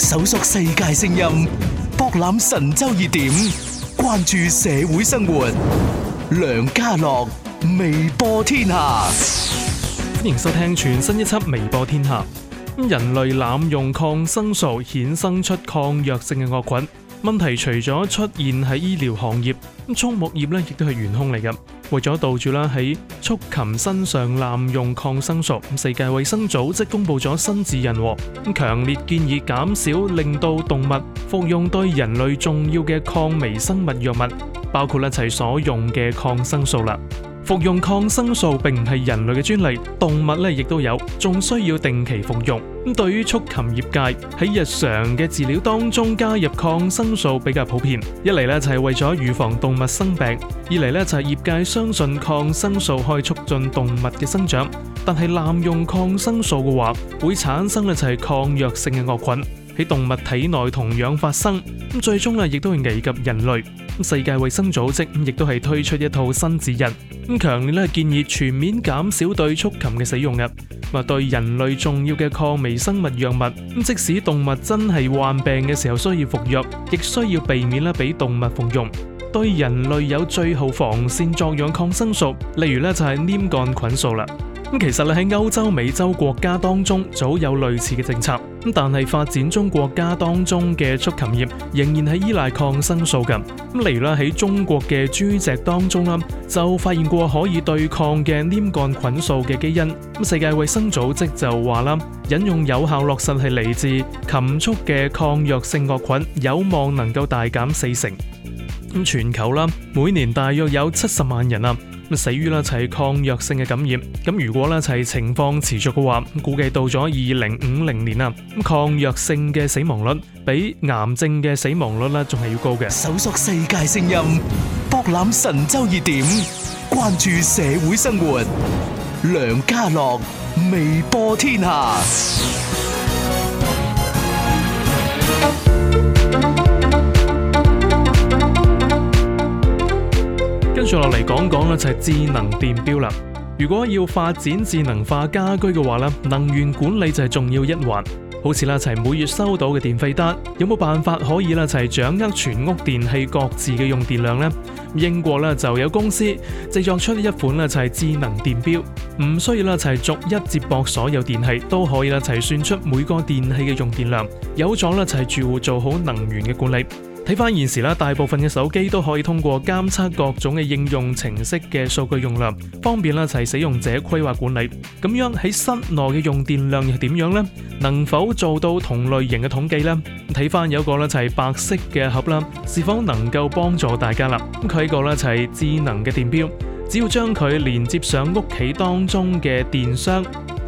搜索世界聲音，博覽神州熱點，關注社會生活。梁家樂，微播天下。歡迎收聽全新一輯《微播天下》。人類濫用抗生素，衍生出抗藥性嘅惡菌。問題除咗出現喺醫療行業，咁畜牧業亦都係元凶嚟嘅。為咗杜絕啦，喺畜禽身上濫用抗生素，世界衛生組織公布咗新指引，咁強烈建議減少令到動物服用對人類重要嘅抗微生物藥物，包括一齊所用嘅抗生素啦。服用抗生素並唔係人類嘅專利，動物咧，亦都有，仲需要定期服用。咁對於畜禽業界喺日常嘅飼料當中加入抗生素比較普遍，一嚟咧就係為咗預防動物生病，二嚟咧就係業界相信抗生素可以促進動物嘅生長，但係濫用抗生素嘅話會產生咧就係抗藥性嘅惡菌喺動物體內同樣發生，咁最終咧亦都係危及人類。世界衞生組織亦都係推出一套新指引，咁強烈咧建議全面減少對畜禽嘅使用啊！啊，對人類重要嘅抗微生物藥物，咁即使動物真係患病嘅時候需要服藥，亦需要避免啦俾動物服用。對人類有最好防線作用抗生素，例如咧就係黏桿菌素啦。咁其實咧喺歐洲、美洲國家當中，早有類似嘅政策。咁但係發展中國家當中嘅畜禽業仍然係依賴抗生素噶。例如啦喺中國嘅豬隻當中啦，就發現過可以對抗嘅黏桿菌素嘅基因。咁世界衛生組織就話啦，引用有效落實，係嚟自禽畜嘅抗藥性惡菌，有望能夠大減四成。咁全球啦，每年大約有七十萬人啊，咁死於呢就係抗藥性嘅感染，咁如果呢就係情況持續嘅話，咁估計到咗二零五零年喇，咁抗藥性嘅死亡率比癌症嘅死亡率呢仲係要高嘅。搜索世界聲音，博覽神州熱點，關注社會生活，梁家樂微播天下。再落嚟講講啦，就係智能電表啦。如果要發展智能化家居嘅話咧，能源管理就係重要一環。好似啦，就係每月收到嘅電費單，有冇辦法可以啦，就係掌握全屋電器各自嘅用電量呢？英國啦就有公司製作出一款啦，就係智能電表，唔需要啦，就係逐一接駁所有電器都可以啦，就係算出每個電器嘅用電量，有咗啦，就係住戶做好能源嘅管理。睇翻現時啦，大部分嘅手機都可以通過監測各種嘅應用程式嘅數據用量，方便啦就係使用者規劃管理。咁樣喺室內嘅用電量又點樣呢？能否做到同類型嘅統計呢？睇翻有一個呢就係白色嘅盒啦，是否能夠幫助大家啦？咁佢個呢就係智能嘅電表。只要將佢連接上屋企當中嘅電箱，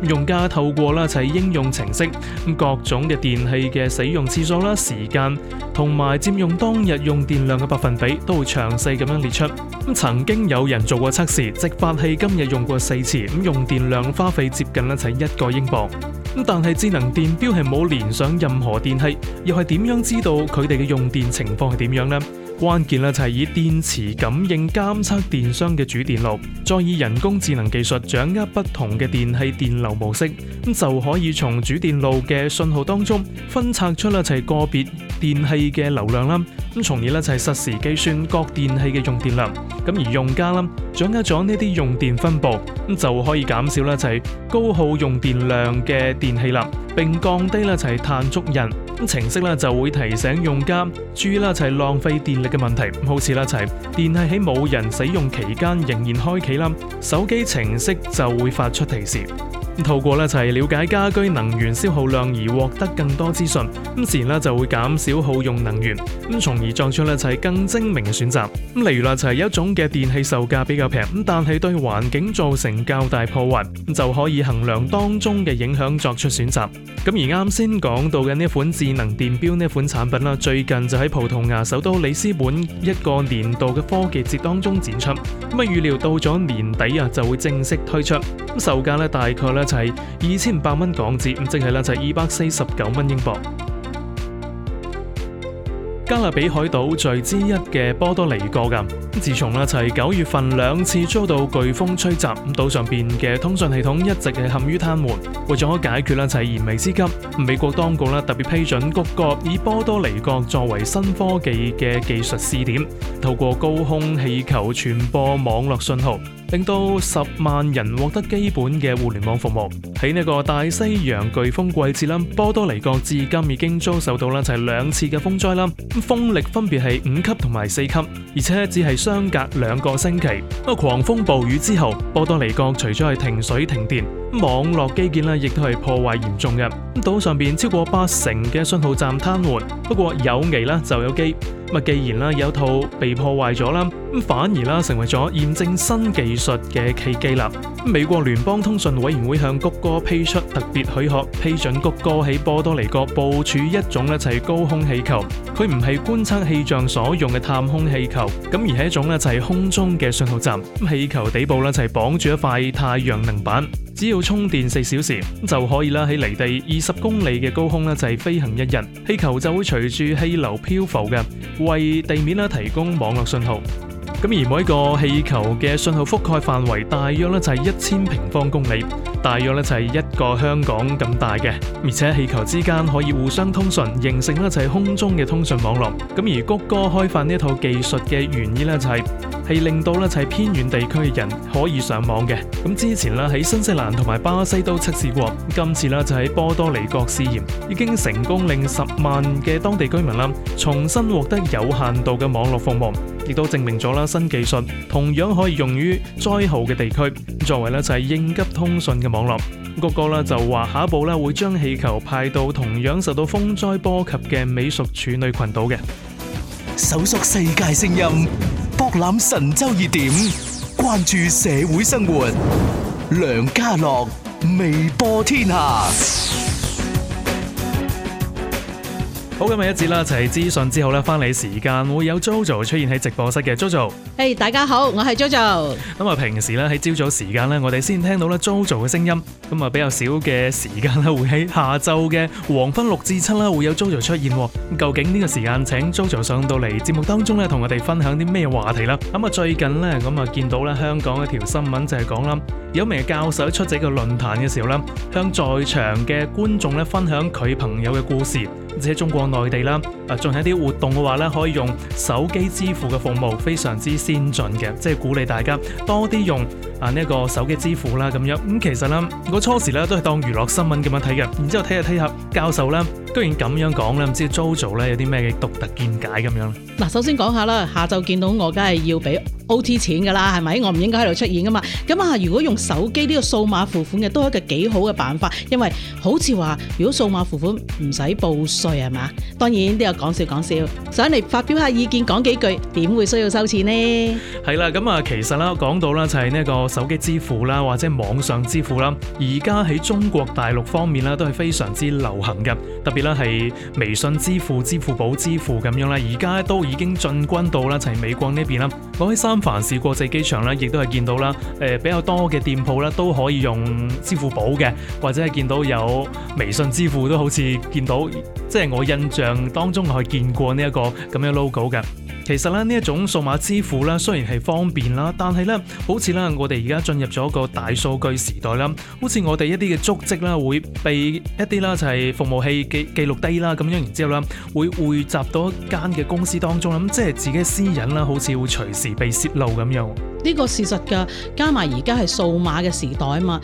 用家透過啦，喺應用程式各種嘅電器嘅使用次數啦、時間同埋佔用當日用電量嘅百分比，都會詳細咁樣列出。曾經有人做過測試，直發器今日用過四次，咁用電量花費接近呢就一個英鎊。但係智能電錶係冇連上任何電器，又係點樣知道佢哋嘅用電情況係點樣呢？關鍵啦就係以電磁感應監測電箱嘅主電路，再以人工智能技術掌握不同嘅電器電流模式，咁就可以從主電路嘅信號當中分拆出嚟就係個別電器嘅流量啦。咁從而咧就係實時計算各電器嘅用電量，咁而用家啦掌握咗呢啲用電分佈，咁就可以減少啦就係高耗用電量嘅電器啦，並降低啦就係碳足印。咁程式咧就會提醒用家注意啦就係浪費電力嘅問題。好似啦就係電器喺冇人使用期間仍然開啟啦，手機程式就會發出提示。透過咧齊了解家居能源消耗量而獲得更多資訊，咁自然咧就會減少耗用能源，咁從而作出咧齊更精明嘅選擇。咁例如咧一齊有一種嘅電器售價比較平，咁但係對環境造成較大破壞，咁就可以衡量當中嘅影響作出選擇。咁而啱先講到嘅呢款智能電錶呢款產品啦，最近就喺葡萄牙首都里斯本一個年度嘅科技節當中展出，咁啊預料到咗年底啊就會正式推出，咁售價咧大概咧。一齊二千五百蚊港紙，即係啦，就二百四十九蚊英鎊。加勒比海島之一嘅波多黎各咁，自從呢就係九月份兩次遭到颶風吹襲，咁島上邊嘅通訊系統一直係陷於癱瘓。為咗解決呢就係燃眉之急，美國當局呢特別批准谷歌以波多黎各作為新科技嘅技術試點，透過高空氣球傳播網絡信號，令到十萬人獲得基本嘅互聯網服務。喺呢個大西洋颶風季節啦，波多黎各至今已經遭受到啦，就係兩次嘅風災啦。咁風力分別係五級同埋四級，而且只係相隔兩個星期。咁狂風暴雨之後，波多黎各除咗係停水停電，網絡基建啦，亦都係破壞嚴重嘅。咁島上邊超過八成嘅信號站癱瘓。不過有危啦就有機。咪既然啦有套被破壞咗啦，咁反而啦成為咗驗證新技術嘅契機啦。美國聯邦通訊委員會向谷歌批出特別許可，批准谷歌喺波多黎各部署一種咧就係高空氣球。佢唔係觀察氣象所用嘅探空氣球，咁而係一種咧就係空中嘅信號站。咁氣球底部咧就係綁住一塊太陽能板，只要充電四小時就可以啦。喺離地二十公里嘅高空咧就係飛行一日，氣球就會隨住氣流漂浮嘅。為地面啦提供網絡信號。咁而每一個氣球嘅信號覆蓋範圍大約咧就係一千平方公里，大約咧就係一個香港咁大嘅，而且氣球之間可以互相通訊，形成咧就係空中嘅通訊網絡。咁而谷歌開發呢一套技術嘅原因咧就係、是、係令到咧就係偏遠地區嘅人可以上網嘅。咁之前啦喺新西蘭同埋巴西都測試過，今次啦就喺波多黎各試驗，已經成功令十萬嘅當地居民啦重新獲得有限度嘅網絡服務。亦都證明咗啦，新技術同樣可以用於災後嘅地區，作為咧就係應急通訊嘅網絡。谷歌咧就話下一步咧會將氣球派到同樣受到風災波及嘅美屬處女群島嘅。搜索世界聲音，博覽神州熱點，關注社會生活。梁家樂，微播天下。好咁啊！今日一節啦，一齊資訊之後咧，翻嚟時間會有 JoJo jo 出現喺直播室嘅 JoJo。誒 jo jo，hey，大家好，我係 JoJo。咁啊，平時咧喺朝早時間咧，我哋先聽到咧 JoJo 嘅聲音。咁啊，比較少嘅時間咧，會喺下晝嘅黃昏六至七啦，會有 JoJo jo 出現。咁究竟呢個時間，請 JoJo jo 上到嚟節目當中咧，同我哋分享啲咩話題啦？咁啊，最近咧，咁啊，見到咧香港一條新聞就係講啦，有名嘅教授出席個論壇嘅時候咧，向在場嘅觀眾咧分享佢朋友嘅故事。而且中國內地啦，啊，進行一啲活動嘅話咧，可以用手機支付嘅服務非常之先進嘅，即係鼓勵大家多啲用啊呢個手機支付啦咁樣。咁其實啦，我初時咧都係當娛樂新聞咁樣睇嘅，然之後睇下睇下教授咧，居然咁樣講咧，唔知 JoJo 咧有啲咩嘅獨特見解咁樣。嗱，首先講下啦，下晝見到我，梗係要俾 OT 錢噶啦，係咪？我唔應該喺度出現噶嘛？咁啊，如果用手機呢個數碼付款嘅，都係一個幾好嘅辦法，因為好似話，如果數碼付款唔使報稅係嘛？當然都有講笑講笑，想嚟發表下意見講幾句，點會需要收錢呢？係啦，咁啊，其實啦，講到啦，就係呢個手機支付啦，或者網上支付啦，而家喺中國大陸方面啦，都係非常之流行嘅，特別啦係微信支付、支付寶支付咁樣啦，而家都已經進軍到啦，就係美國呢邊啦。我喺凡是國際機場咧，亦都係見到啦，誒、呃、比較多嘅店鋪咧都可以用支付寶嘅，或者係見到有微信支付都好似見到，即係我印象當中我去見過呢、這、一個咁樣嘅 logo 嘅。其實咧呢一種數碼支付啦，雖然係方便啦，但係咧好似啦，我哋而家進入咗一個大數據時代啦，好似我哋一啲嘅足跡啦會被一啲啦就係服務器記記錄低啦咁樣，然之後啦會匯集到一間嘅公司當中啦，咁即係自己私隱啦，好似會隨時被泄露咁樣，呢個事實㗎。加埋而家係數碼嘅時代啊嘛，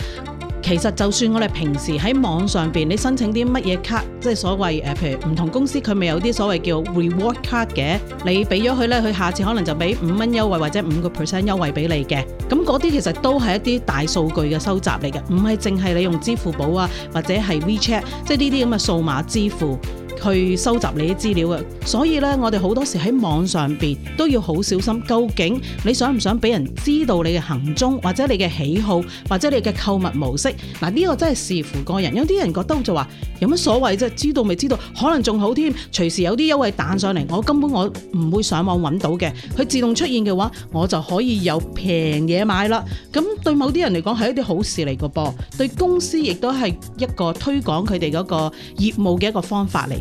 其實就算我哋平時喺網上邊，你申請啲乜嘢卡，即係所謂誒，譬如唔同公司佢咪有啲所謂叫 reward card 嘅，你俾咗佢咧，佢下次可能就俾五蚊優惠或者五個 percent 優惠俾你嘅。咁嗰啲其實都係一啲大數據嘅收集嚟嘅，唔係淨係你用支付寶啊，或者係 WeChat，即係呢啲咁嘅數碼支付。去收集你啲資料嘅，所以咧，我哋好多時喺網上邊都要好小心。究竟你想唔想俾人知道你嘅行蹤，或者你嘅喜好，或者你嘅購物模式？嗱、啊，呢、這個真係視乎個人。有啲人覺得就話有乜所謂啫？知道未知道，可能仲好添。隨時有啲優惠彈上嚟，我根本我唔會上網揾到嘅。佢自動出現嘅話，我就可以有平嘢買啦。咁對某啲人嚟講係一啲好事嚟嘅噃，對公司亦都係一個推廣佢哋嗰個業務嘅一個方法嚟。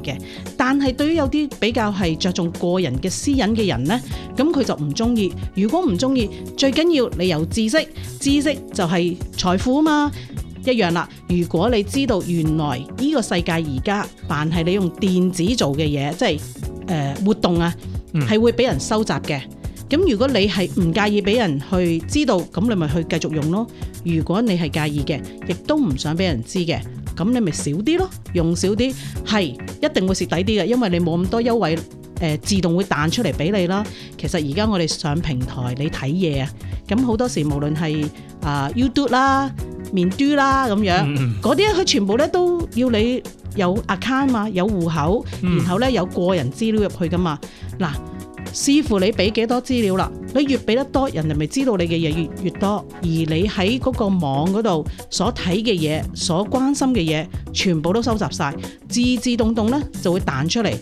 但係對於有啲比較係着重個人嘅私隱嘅人呢，咁佢就唔中意。如果唔中意，最緊要你有知識，知識就係財富啊嘛，一樣啦。如果你知道原來呢個世界而家凡係你用電子做嘅嘢，即係誒活動啊，係會俾人收集嘅。咁如果你係唔介意俾人去知道，咁你咪去繼續用咯。如果你係介意嘅，亦都唔想俾人知嘅。咁你咪少啲咯，用少啲，係一定會蝕底啲嘅，因為你冇咁多優惠，誒、呃、自動會彈出嚟俾你啦。其實而家我哋上平台你睇嘢、呃、啊，咁好多時無論係啊 YouTube 啦、面 d 啦咁樣，嗰啲佢全部咧都要你有 account 嘛、啊，有戶口，然後咧有個人資料入去噶嘛，嗱。視乎你俾幾多資料啦，你越俾得多，人家就咪知道你嘅嘢越越多。而你喺嗰個網嗰度所睇嘅嘢、所關心嘅嘢，全部都收集晒，自自動動呢就會彈出嚟，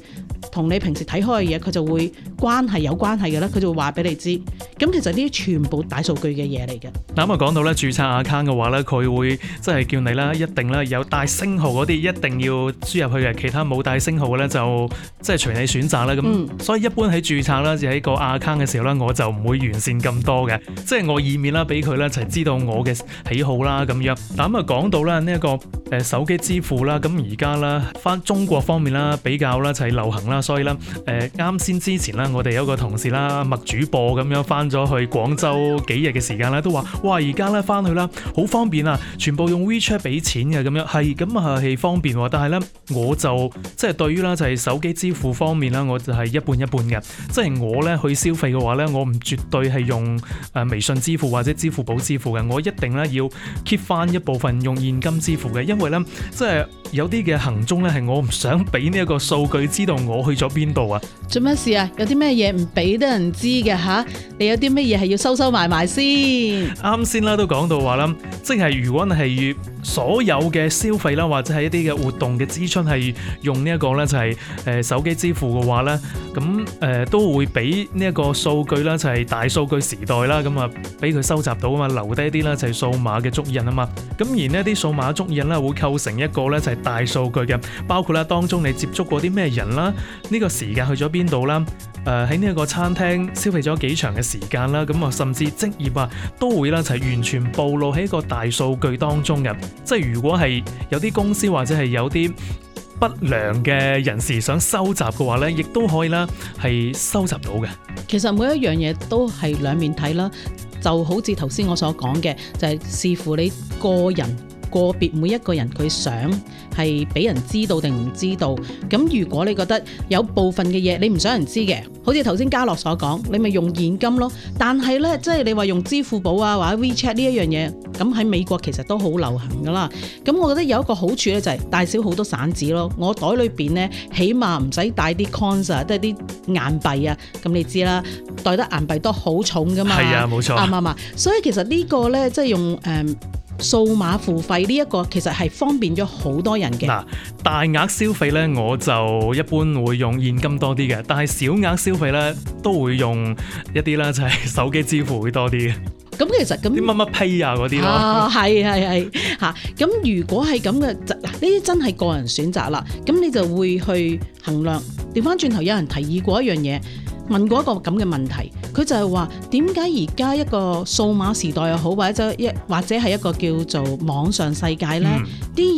同你平時睇開嘅嘢，佢就會關係有關係嘅咧，佢就會話俾你知。咁其實呢啲全部大數據嘅嘢嚟嘅。嗱咁啊講到咧注冊 account 嘅話咧，佢會即係叫你啦一定啦有帶星號啲一定要輸入去嘅，其他冇帶星號咧就即係隨你選擇啦，咁、嗯、所以一般喺注冊啦，就喺個 account 嘅時候咧，我就唔會完善咁多嘅，即係我以免啦俾佢咧就齊知道我嘅喜好啦咁樣嗱咁啊講到啦呢一個誒手機支付啦，咁而家啦翻中國方面啦比較啦就係流行啦，所以咧誒啱先之前啦，我哋有個同事啦麥主播咁樣翻。咗去廣州幾日嘅時間咧，都話哇而家咧翻去啦，好方便啊！全部用 WeChat 俾錢嘅咁樣，係咁啊係方便。但係咧，我就即係對於啦，就係、是、手機支付方面啦，我就係一半一半嘅。即係我咧去消費嘅話咧，我唔絕對係用誒、呃、微信支付或者支付寶支付嘅，我一定咧要 keep 翻一部分用現金支付嘅，因為咧即係有啲嘅行蹤咧係我唔想俾呢一個數據知道我去咗邊度啊！做乜事啊？有啲咩嘢唔俾得人知嘅吓？你有？有啲咩嘢係要收收埋埋先？啱先啦，都 講樂到話啦，即係如果你係所有嘅消費啦，或者係一啲嘅活動嘅支出係用呢、這、一個咧，就係、是、誒手機支付嘅話咧，咁誒、呃、都會俾呢一個數據啦，就係、是、大數據時代啦，咁啊俾佢收集到啊嘛，留低啲啦，就係數碼嘅足印啊嘛。咁而呢啲數碼足印咧，會構成一個咧就係大數據嘅，包括啦當中你接觸過啲咩人啦，呢、這個時間去咗邊度啦，誒喺呢一個餐廳消費咗幾長嘅時。間啦，咁啊，甚至職業啊，都會啦，就係完全暴露喺一個大數據當中嘅。即係如果係有啲公司或者係有啲不良嘅人士想收集嘅話咧，亦都可以啦，係收集到嘅。其實每一樣嘢都係兩面睇啦，就好似頭先我所講嘅，就係視乎你個人。個別每一個人佢想係俾人知道定唔知道？咁如果你覺得有部分嘅嘢你唔想人知嘅，好似頭先嘉樂所講，你咪用現金咯。但係呢，即係你話用支付寶啊或者 WeChat 呢一樣嘢，咁喺美國其實都好流行噶啦。咁我覺得有一個好處呢，就係帶少好多散紙咯。我袋裏邊呢，起碼唔使帶啲 coins 啊，即係啲硬幣啊。咁你知啦，袋得硬幣都好重噶嘛。係啊，冇錯。啊嘛所以其實呢個呢，即、就、係、是、用誒。呃數碼付費呢一個其實係方便咗好多人嘅。嗱大額消費咧，我就一般會用現金多啲嘅，但係小額消費咧，都會用一啲啦，就係、是、手機支付會多啲嘅。咁、嗯、其實咁啲乜乜批啊嗰啲咯，係係係吓咁。如果係咁嘅，嗱呢啲真係個人選擇啦。咁你就會去衡量。調翻轉頭，有人提議過一樣嘢。問過一個咁嘅問題，佢就係話點解而家一個數碼時代又好，或者一係一個叫做網上世界呢，啲、嗯、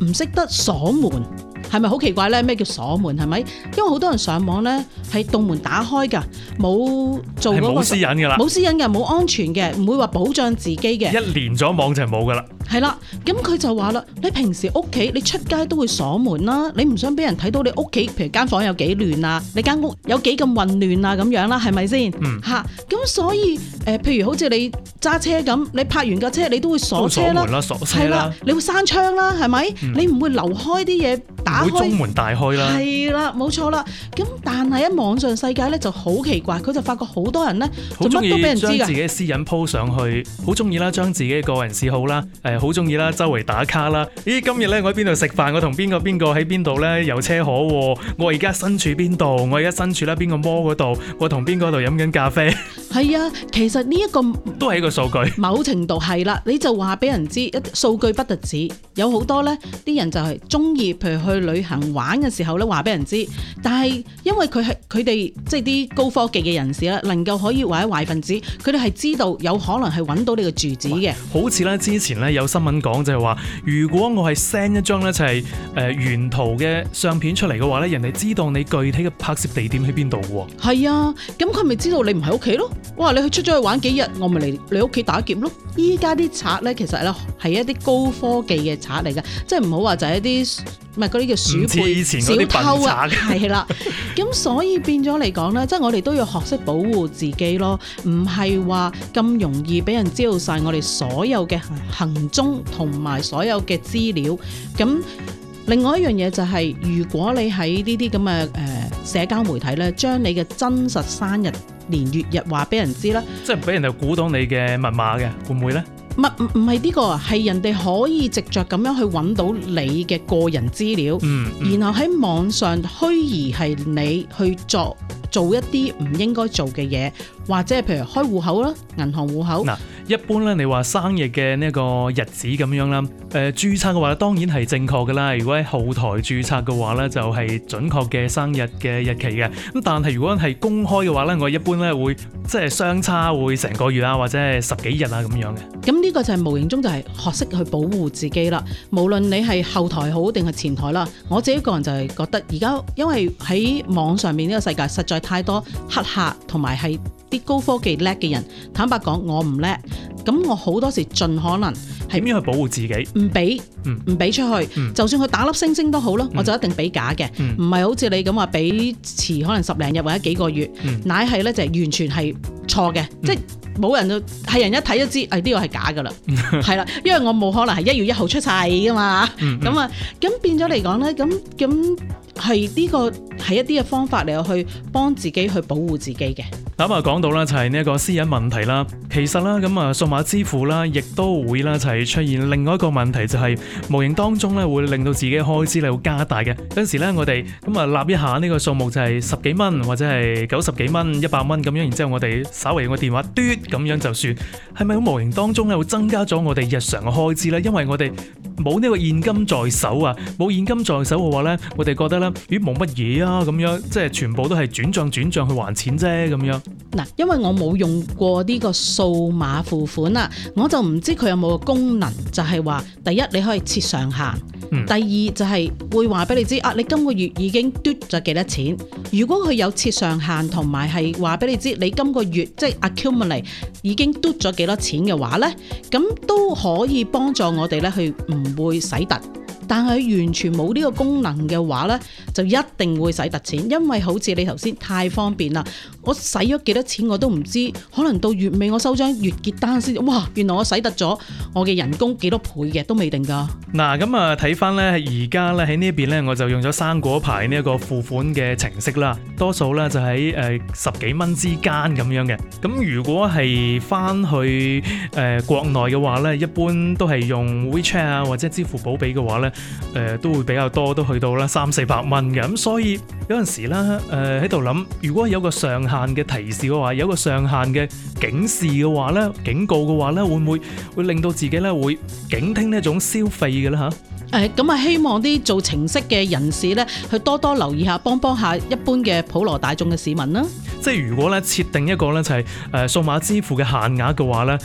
人唔識得鎖門。係咪好奇怪咧？咩叫鎖門？係咪？因為好多人上網咧，係洞門打開噶，冇做嗰個冇私隱噶啦，冇私隱嘅，冇安全嘅，唔會話保障自己嘅。一連咗網就係冇噶啦。係啦，咁佢就話啦，你平時屋企你出街都會鎖門啦，你唔想俾人睇到你屋企，譬如間房有幾亂啊，你間屋有幾咁混亂啊咁樣啦，係咪先？嗯。嚇，咁所以誒，譬如好似你揸車咁，你泊完架車你都會鎖車啦，係啦，你會閂窗啦，係咪？你唔會留開啲嘢打。會中門大開啦，係啦，冇錯啦。咁但係一網上世界咧就好奇怪，佢就發覺好多人咧就乜都俾人知自己私隱 po 上去，好中意啦，將自己個人嗜好啦，誒，好中意啦，周圍打卡啦。咦，今日咧我喺邊度食飯？我同邊個邊個喺邊度咧有車可？我而家身處邊度？我而家身處咧邊個摩嗰度？我同邊個度飲緊咖啡？ 係啊，其實呢一個都係一個數據， 某程度係啦。你就話俾人知，一數據不特止，有好多呢啲人就係中意，譬如去旅行玩嘅時候呢，話俾人知。但係因為佢係佢哋即係啲高科技嘅人士啦，能夠可以話係壞分子，佢哋係知道有可能係揾到你嘅住址嘅。好似呢之前呢，有新聞講，就係話，如果我係 send 一張呢，就係誒原圖嘅相片出嚟嘅話呢，人哋知道你具體嘅拍攝地點喺邊度嘅。係啊，咁佢咪知道你唔喺屋企咯？哇！你去出咗去玩幾日，我咪嚟你屋企打劫咯！依家啲賊咧，其實咧係一啲高科技嘅賊嚟嘅，即係唔好話就係一啲唔係嗰啲叫鼠輩小偷啊，係啦了。咁 所以變咗嚟講咧，即係我哋都要學識保護自己咯，唔係話咁容易俾人知道晒我哋所有嘅行蹤同埋所有嘅資料。咁另外一樣嘢就係、是，如果你喺呢啲咁嘅誒社交媒體咧，將你嘅真實生日，年月日話俾人知啦，即係唔俾人哋估到你嘅密碼嘅，會唔會呢？唔，唔係呢個啊，係人哋可以藉著咁樣去揾到你嘅個人資料，嗯嗯、然後喺網上虛擬係你去做做一啲唔應該做嘅嘢，或者係譬如開戶口啦，銀行戶口。一般咧，你話生日嘅呢個日子咁樣啦，誒、呃、註冊嘅話當然係正確嘅啦。如果喺後台註冊嘅話咧，就係、是、準確嘅生日嘅日期嘅。咁但係如果係公開嘅話咧，我一般咧會即係相差會成個月啊，或者係十幾日啊咁樣嘅。咁呢個就係無形中就係學識去保護自己啦。無論你係後台好定係前台啦，我自己個人就係覺得而家因為喺網上面呢個世界實在太多黑客同埋係。高科技叻嘅人，坦白講，我唔叻。咁我好多時盡可能係點去保護自己？唔俾，唔俾出去。嗯、就算佢打粒星星都好咯，我就一定俾假嘅。唔係、嗯、好似你咁話俾遲，可能十零日或者幾個月，乃係咧就係、係、完全係錯嘅。嗯、即係冇人，係人一睇都知，哎，呢、呢個係假㗎啦，係啦， 因為我冇可能係一月一號出世㗎嘛。咁啊，咁變咗嚟講咧，咁咁。係呢、這個係一啲嘅方法嚟，去幫自己去保護自己嘅。咁啊講到啦，就係呢一個私隱問題啦。其實啦，咁啊，數碼支付啦，亦都會啦，就係出現另外一個問題，就係、是、無形當中咧會令到自己開支咧會加大嘅。有陣時咧，我哋咁啊，立一下呢個數目就係十幾蚊或者係九十幾蚊，一百蚊咁樣，然之後我哋稍微用個電話嘟咁樣就算，係咪喺無形當中咧會增加咗我哋日常嘅開支咧？因為我哋。冇呢個現金在手啊！冇現金在手嘅話呢，我哋覺得呢，咦，冇乜嘢啊咁樣，即係全部都係轉帳轉帳去還錢啫咁樣。嗱，因為我冇用過呢個數碼付款啦，我就唔知佢有冇個功能，就係話第一你可以設上限，第二就係會話俾你知啊，你今個月已經嘟咗幾多錢。如果佢有設上限同埋係話俾你知你今個月即係 accumulate 已經嘟咗幾多錢嘅話呢，咁都可以幫助我哋呢去唔會洗突，但係完全冇呢個功能嘅話呢，就一定會洗突錢，因為好似你頭先太方便啦。我使咗幾多錢我都唔知，可能到月尾我收張月結單先，哇！原來我使得咗我嘅人工幾多倍嘅，都未定㗎。嗱、啊，咁啊睇翻呢，而家呢喺呢一邊呢，我就用咗生果牌呢一個付款嘅程式啦，多數呢就喺誒、呃、十幾蚊之間咁樣嘅。咁、嗯、如果係翻去誒、呃、國內嘅話呢，一般都係用 WeChat 啊或者支付寶俾嘅話呢，誒、呃、都會比較多，都去到咧三四百蚊嘅。咁、嗯、所以。有陣時啦，誒喺度諗，如果有個上限嘅提示嘅話，有個上限嘅警示嘅話咧，警告嘅話咧，會唔會會令到自己咧會警惕呢一種消費嘅？咧吓，誒咁啊，希望啲做程式嘅人士咧，去多多留意下，幫幫下一般嘅普羅大眾嘅市民啦。即係如果咧設定一個咧就係誒數碼支付嘅限額嘅話咧。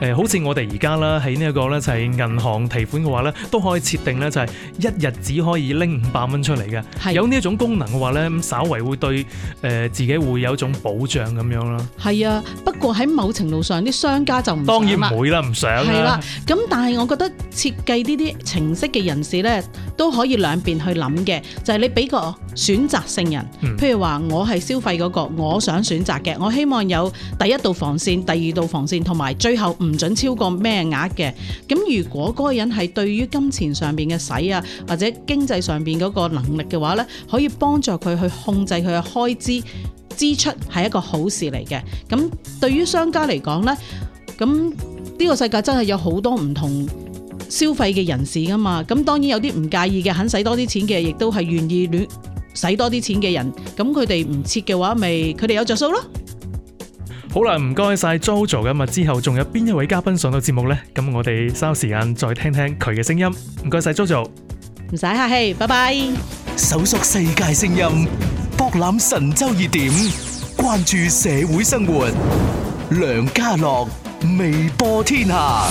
誒、呃，好似我哋而家啦，喺呢一個咧就係、是、銀行提款嘅話咧，都可以設定咧就係一日只可以拎五百蚊出嚟嘅。啊、有呢一種功能嘅話咧，稍為會對誒、呃、自己會有一種保障咁樣咯。係啊，不過喺某程度上啲商家就唔當然唔會啦，唔想啦。啦、啊，咁但係我覺得設計呢啲程式嘅人士咧，都可以兩邊去諗嘅，就係、是、你俾個選擇性人，譬如話我係消費嗰、那個，我想選擇嘅，我希望有第一道防線、第二道防線同埋最後。唔准超過咩額嘅？咁如果嗰個人係對於金錢上邊嘅使啊，或者經濟上邊嗰個能力嘅話呢，可以幫助佢去控制佢嘅開支支出，係一個好事嚟嘅。咁對於商家嚟講呢，咁呢個世界真係有好多唔同消費嘅人士噶嘛。咁當然有啲唔介意嘅，肯使多啲錢嘅，亦都係願意亂使多啲錢嘅人。咁佢哋唔設嘅話，咪佢哋有着數咯。好啦，唔該晒 Jojo 咁啊！之後仲有邊一位嘉賓上到節目呢？咁我哋稍時間再聽聽佢嘅聲音。唔該晒 Jojo，唔使客氣，拜拜。搜索世界聲音，博覽神州熱點，關注社會生活。梁家樂，微播天下。